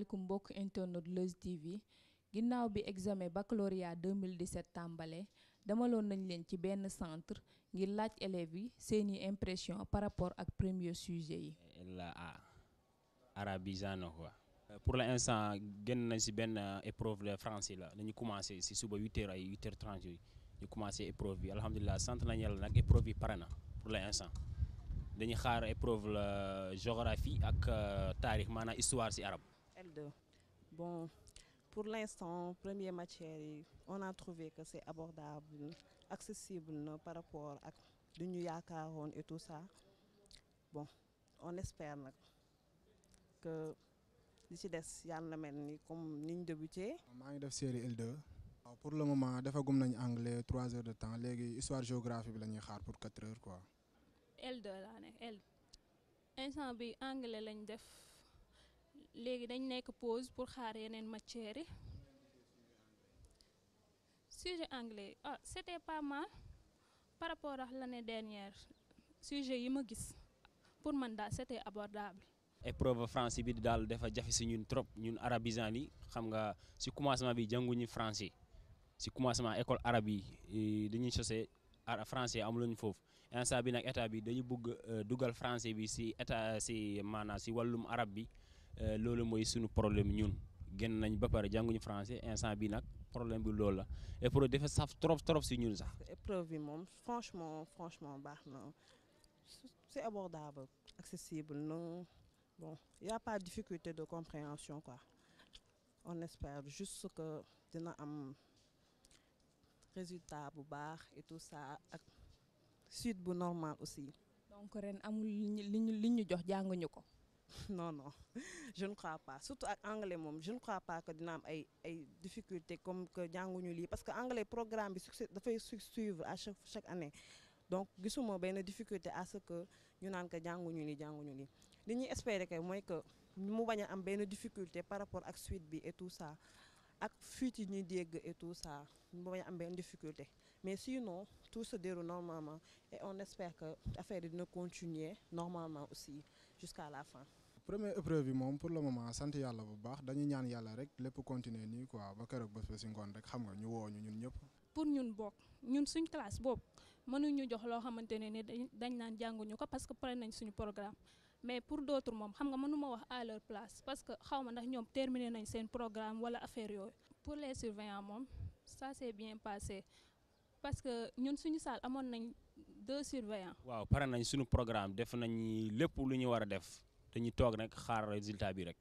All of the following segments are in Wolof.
asalaamaaleykum mbokk internet Leuz TV ginnaaw bi examen baccalauréat 2017 tàmbale damaloon nañ leen ci benn centre ngir laaj élèves yi seeni impression par rapport ak premier sujet yi. la a arabisano quoi. pour l'instant génn nañ si benn épreuve de français la ñu commencé si suba 8h ay 8 h ñu commencé épreuve bi alhamdulilah sant nañ yàlla nag épreuve yi pare na pour l'instant dañuy xaar épreuve la euh, géographie ak euh, taarix maanaam histoire si arab l Bon, pour l'instant, première matière, on a trouvé que c'est abordable, accessible par rapport ñu l'Union et tout ça. Bon, on espère li d'ici des yalla mel ni comme niñ débuté maa ngi def série l pour le moment dafa gum nañ anglais 3 heures de temps léegi histoire géographie bi lañuy xaar pour 4 heures quoi l instant bi anglais lañ def léegi dañ nekk pause pour xaar yeneen matières yi sujet anglais ah c'était pas mal par rapport ak l'année dernière sujet yi ma gis pour man daal c'était abordable. épreuve français bi daal dafa jafe si ñun trop ñun arabisants yi xam nga si commencement bi jànguñu français si commencement école arab yi eh, dañuy sose français am amuluñu foofu instant bi nag état bi dañu bugg eh, dugal français bi si état si maanaam si wàllum arab bi. Euh, loolu mooy suñu problème ñun génn nañ ba pare jànguñu français instant bi nag problème bi lool la épreuve dafa saf trop trop si ñun sax. épreuve bi moom franchement franchement baax na c'est abordable accessible non bon y a pas de difficulté de compréhension quoi on espère juste que dina am résultat bu baax et tout ça ak suite bu normal aussi. donc ren amul li li ñu jox jànguñu ko. non non je ne crois pas surtout ak anglais moom je ne crois pas que dina am ay ay difficultés comme que jànguñu lii parce que anglais programme bi succès dafay suivre à chaque chaque année donc gisuma benn difficulté à ce que ñu naan que jànguñu lii jànguñu lii li ñuy espérer que mooy que mu bañ a am benn difficulté par rapport ak suite bi et tout ça ak fuite yi ñuy dégg et tout ça mu bañ a am benn difficulté mais sinon tout se déroule normalement et on espère que affaire yi continuer normalement aussi jusqu'à la fin première épreuve yi moom pour le moment sant yàlla bu baax dañu ñaan yàlla rek lépp continuer nii quoi ba keroog bés ba si ngoon rek xam nga ñu woo ñu ñun ñëpp. pour ñun bokk ñun suñ classe boobu mënuñu jox loo xamante ne ni dañ naan jànguñu ko parce que pare nañ suñu programme mais pour d'autres moom xam nga mënuma wax à leur place parce que xaw ma ndax ñoom terminé nañ seen programme wala affaire yooyu. pour les surveillants moom ça s'est bien passé parce que ñun suñu salle amoon nañ deux surveillants. waaw pare nañ suñu programme def nañ lépp lu ñu war a def. dañu toog rek xaar résultat bi rek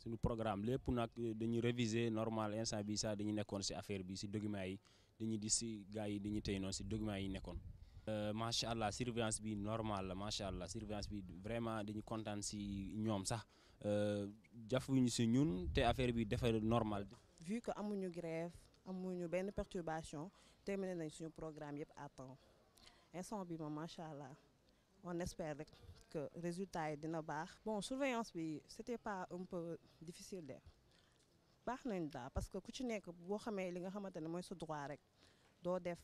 suñu programme lépp nag dañuy réviser normal instant bi sax dañuy nekkoon si affaire bi si documents yi dañuy dis si gars yi dañuy tey noonu si documents yi nekkoon. Euh, macha allah surveillance bi normal la macha allah surveillance bi vraiment dañu kontaan si ñoom sax euh, jafuñu si ñun te affaire bi dafa normal. vu que amuñu grève amuñu benn perturbation terminé nañ suñu programme yëpp à temps instant bi ma macha allah on espère rek. que résultat yi dina baax bon surveillance bi c'était pas un peu difficile de baax nañ daa parce que ku ci nekk boo xamee li nga xamante ne mooy sa droit rek doo def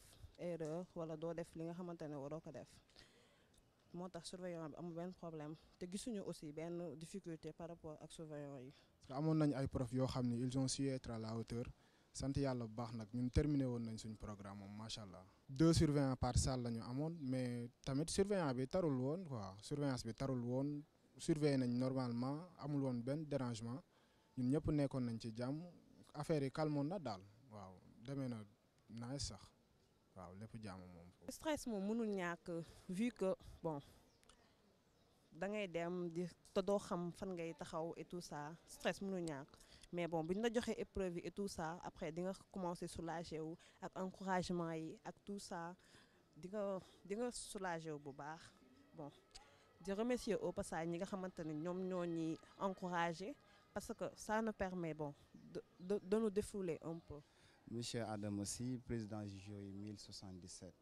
erreur wala doo def li nga xamante ne waroo ko def moo tax surveillant bi amul benn problème te gisuñu aussi benn difficulté par rapport ak surveillant yi. amoon nañ ay prof yoo xam ne ils ont su être à la hauteur. sant yàlla bu baax nag ñun terminé woon nañ suñ programme moom macha allah. deux surveillants par salle la amoon mais tamit surveillant bi tarul woon quoi surveillance bi tarul woon surveillé nañ normalement amul woon benn dérangement ñun ñëpp nekkoon nañ ci jàmm affaire yi calmoon na daal waaw demee na naaj sax waaw lépp jàmm moom. stress moom mënul ñàkk vu que bon da ngay dem te doo xam fan ngay taxaw et tout ça stress mënul ñàkk. mais bon bi ñu la joxee épreuve yi et tout ça après di nga commencé soulager ak encouragement yi ak tout ça di nga di nga soulager wu bu baax bon di remercier au passage ñi nga xamante ne ñoom ñoo ñuy encouragé parce que sa nous permet bon de de de nous défouler un peu. Monsieur Adam Sy, président du jury 1077.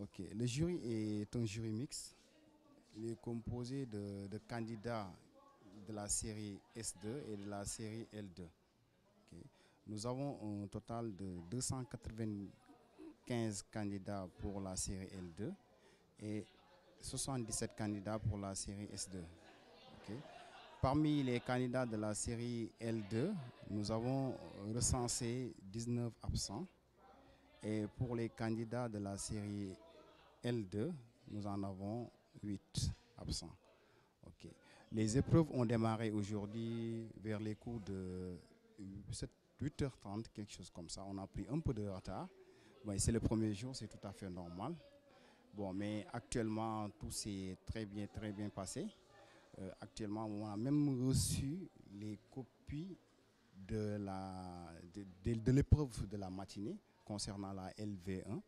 Ok, le jury est un jury mixte. Il est composé de de candidats. de la série S2 la série L2. Okay. Nous avons un total de 295 candidats pour la série L2 de la série L2, nous avons recensé pour les candidats de la série l Les épreuves ont démarré aujourd'hui vers les coups de 7, 8h30, quelque chose comme ça. On a pris un peu de retard. Bon, c'est le premier jour, c'est tout à fait normal. Bon, mais actuellement, tout s'est très bien, très bien passé. Euh, actuellement, on a même reçu les copies de l'épreuve de, de, de, de la matinée concernant la LV1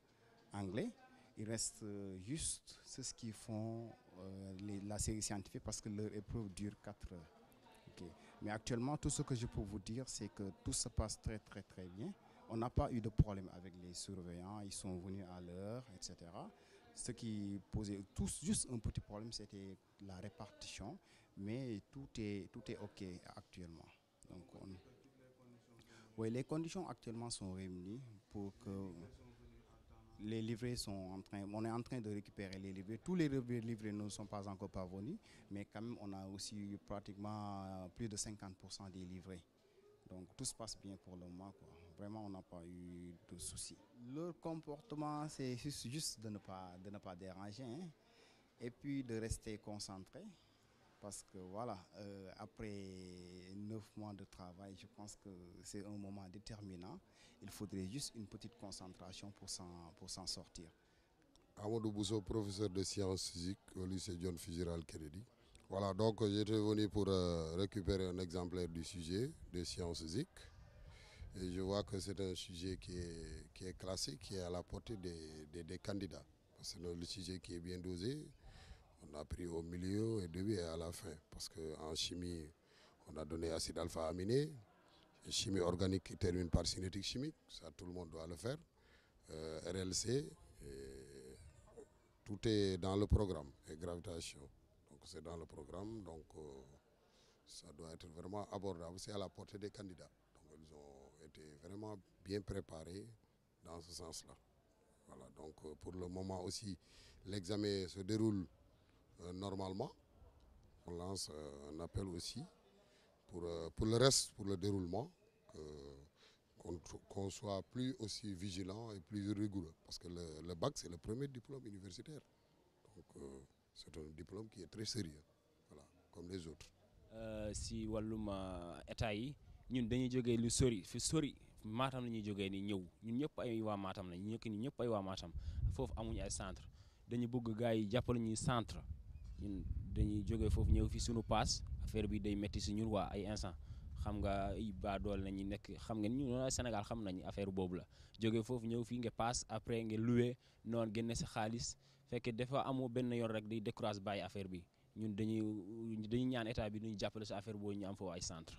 anglais. Il reste euh, juste ceux qui font Euh, les, la série scientifique parce que leur épreuve dure 4 heures. Okay. Mais actuellement, tout ce que je peux vous dire, c'est que tout se passe très très très bien. On n'a pas eu de problème avec les surveillants, ils sont venus à l'heure, etc. Ce qui posait tous juste un petit problème, c'était la répartition, mais tout est, tout est OK actuellement. Donc on... Oui, les conditions actuellement sont réunies pour que... les livrets sont en train, on est en train de récupérer les livrets. Tous les livrets ne sont pas encore parvenus, mais quand même, on a aussi eu pratiquement euh, plus de 50% des livrets. Donc tout se passe bien pour le moment. Quoi. Vraiment, on n'a pas eu de soucis. Leur comportement, c'est juste de ne pas, déranger et puis de rester concentré. parce que voilà, euh, après neuf mois de travail, je pense que c'est un moment déterminant. Il faudrait juste une petite concentration pour s'en sortir. Amadou Bousso, professeur de sciences physiques au lycée John Fitzgerald Kennedy. Voilà, donc euh, j'étais venu pour euh, récupérer un exemplaire du sujet des sciences physiques. Et je vois que c'est un sujet qui est, classique, qui est à la portée des, des, des candidats. le sujet qui est bien dosé, On a pris au milieu, au début à la fin. Parce que en chimie, on a donné acide alpha-aminé, chimie organique qui termine par cinétique chimique, ça tout le monde doit le faire, euh, RLC, et tout est dans le programme, et Donc c'est dans le programme, donc euh, vraiment abordable, c'est à la portée des candidats. vraiment bien préparés dans ce sens-là. donc euh, pour le moment aussi, l'examen se déroule Euh, normalement. On lance euh, un appel aussi pour, euh, pour le reste, pour le déroulement, qu'on qu soit plus aussi vigilant et plus rigoureux. Parce que le, le bac, c'est le premier diplôme universitaire. Donc, c'est un diplôme qui est très sérieux, voilà, comme les autres. si wàllum état yi ñun dañuy jógee lu sori fi sori Matam la ñuy jógee ni ñëw ñun ñëpp ay waa Matam la ñu ñëkk ñun ñëpp ay waa Matam foofu amuñ ay centre dañu bëgg gars yi jàppale ñuy centre ñun dañuy jógee foofu ñëw fii sunu paas affaire bi day métti si ñun waa ay instant xam nga ay baa dool nañu nekk xam nga ñu noonu Sénégal xam nañu affaire boobu la joge foofu ñëw fii nga paas après nga loué noonu génne sa xaalis fekk dafa amoo benn yoon rek day décourage bàyyi affaire bi ñun dañuy dañuy ñaan état bi ñu jàppale sa affaire boobu ñu am foofu ay centre